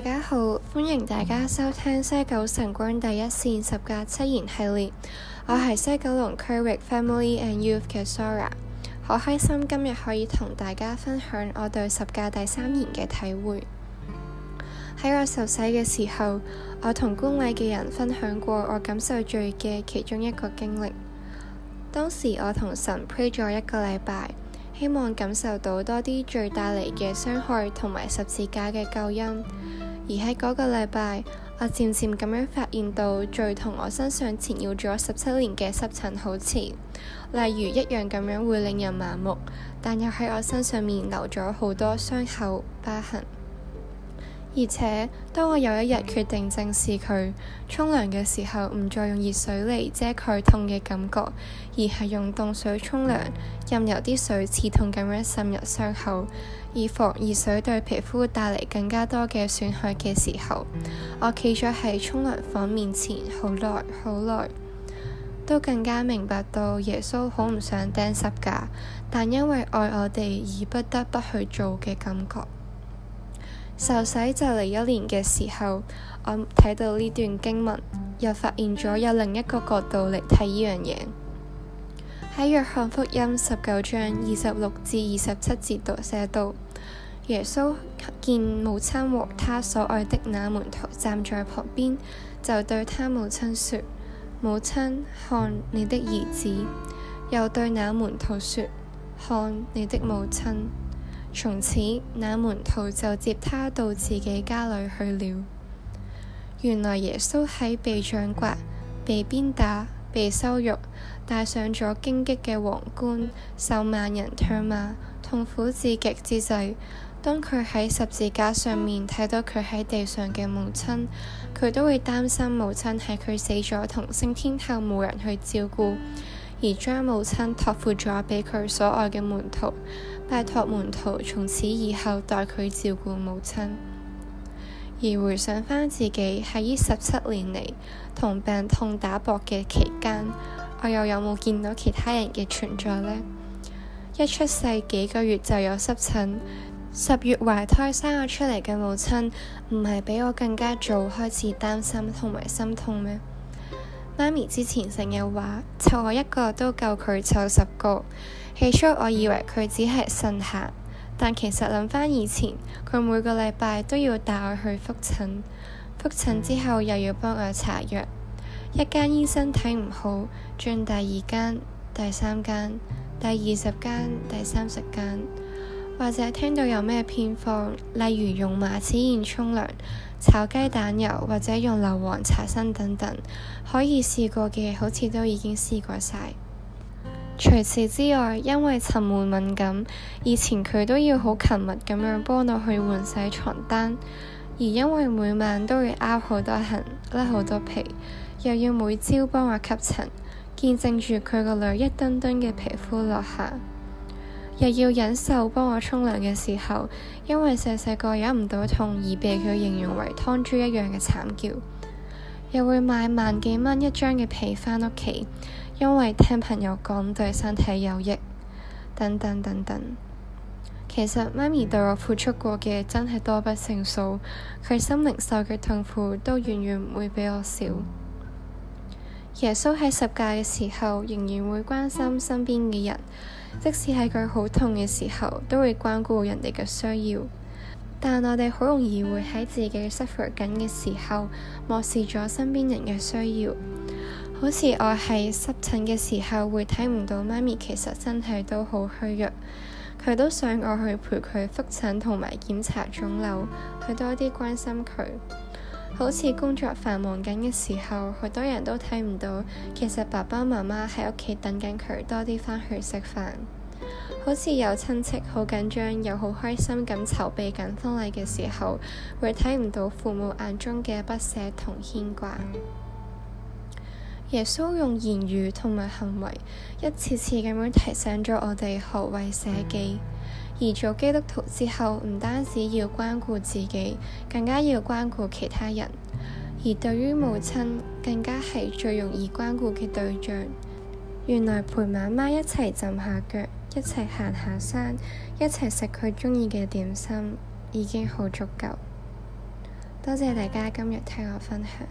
大家好，歡迎大家收聽《西九神光第一線十架七言》系列。我係西九龍區域 Family and Youth 嘅 Zora。好開心今日可以同大家分享我對十架第三言嘅體會。喺我受洗嘅時候，我同觀禮嘅人分享過我感受罪嘅其中一個經歷。當時我同神 pray 咗一個禮拜，希望感受到多啲罪帶嚟嘅傷害，同埋十字架嘅救恩。而喺嗰個禮拜，我漸漸咁樣發現到，最同我身上纏繞咗十七年嘅濕疹好似例如一樣咁樣會令人麻木，但又喺我身上面留咗好多傷口疤痕，而且，當我有一日決定正視佢，沖涼嘅時候唔再用熱水嚟遮蓋痛嘅感覺，而係用凍水沖涼，任由啲水刺痛咁樣滲入傷口，以防熱水對皮膚帶嚟更加多嘅損害嘅時候，我企咗喺沖涼房面前好耐好耐，都更加明白到耶穌好唔想釘十架，但因為愛我哋而不得不去做嘅感覺。受洗就嚟一年嘅時候，我睇到呢段經文，又發現咗有另一個角度嚟睇呢樣嘢。喺約翰福音十九章二十六至二十七節度寫到：耶穌見母親和他所愛的那門徒站在旁邊，就對他母親說：母親，看你的兒子。又對那門徒說：看你的母親。從此，那門徒就接他到自己家裡去了。原來耶穌喺被掌摑、被鞭打、被羞辱，戴上咗荊棘嘅王冠，受萬人唾罵，痛苦至極之際，當佢喺十字架上面睇到佢喺地上嘅母親，佢都會擔心母親喺佢死咗同升天後冇人去照顧，而將母親託付咗俾佢所愛嘅門徒。拜託門徒，從此以後代佢照顧母親。而回想返自己喺呢十七年嚟同病痛打搏嘅期間，我又有冇見到其他人嘅存在呢？一出世幾個月就有濕疹，十月懷胎生我出嚟嘅母親，唔係比我更加早開始擔心同埋心痛咩？媽咪之前成日話，湊我一個都夠佢湊十個。起初我以為佢只係呻閒，但其實諗翻以前，佢每個禮拜都要帶我去覆診，覆診之後又要幫我搽藥。一間醫生睇唔好，轉第二間、第三間、第二十間、第三十間。或者聽到有咩偏方，例如用馬齒莧沖涼、炒雞蛋油，或者用硫磺擦身等等，可以試過嘅好似都已經試過晒。除此之外，因為塵蟎敏感，以前佢都要好勤密咁樣幫我去換洗床單，而因為每晚都會凹好多痕、甩好多皮，又要每朝幫我吸塵，見證住佢個女一墩墩嘅皮膚落下。又要忍受幫我沖涼嘅時候，因為細細個忍唔到痛而被佢形容為劏豬一樣嘅慘叫，又會買萬幾蚊一張嘅被返屋企，因為聽朋友講對身體有益，等等等等。其實媽咪對我付出過嘅真係多不勝數，佢心靈受嘅痛苦都遠遠唔會比我少。耶穌喺十架嘅時候，仍然會關心身邊嘅人。即使係佢好痛嘅時候，都會關顧人哋嘅需要，但我哋好容易會喺自己 suffer 緊嘅時候，漠視咗身邊人嘅需要。好似我喺濕疹嘅時候，會睇唔到媽咪其實身體都好虛弱，佢都想我去陪佢覆診同埋檢查腫瘤，去多啲關心佢。好似工作繁忙緊嘅時候，好多人都睇唔到，其實爸爸媽媽喺屋企等緊佢多啲返去食飯。好似有親戚好緊張又好開心咁籌備緊婚禮嘅時候，會睇唔到父母眼中嘅不捨同牽掛。耶穌用言語同埋行為，一次次咁樣提醒咗我哋何為捨己。而做基督徒之後，唔單止要關顧自己，更加要關顧其他人。而對於母親，更加係最容易關顧嘅對象。原來陪媽媽一齊浸下腳，一齊行下山，一齊食佢鍾意嘅點心，已經好足夠。多謝大家今日聽我分享。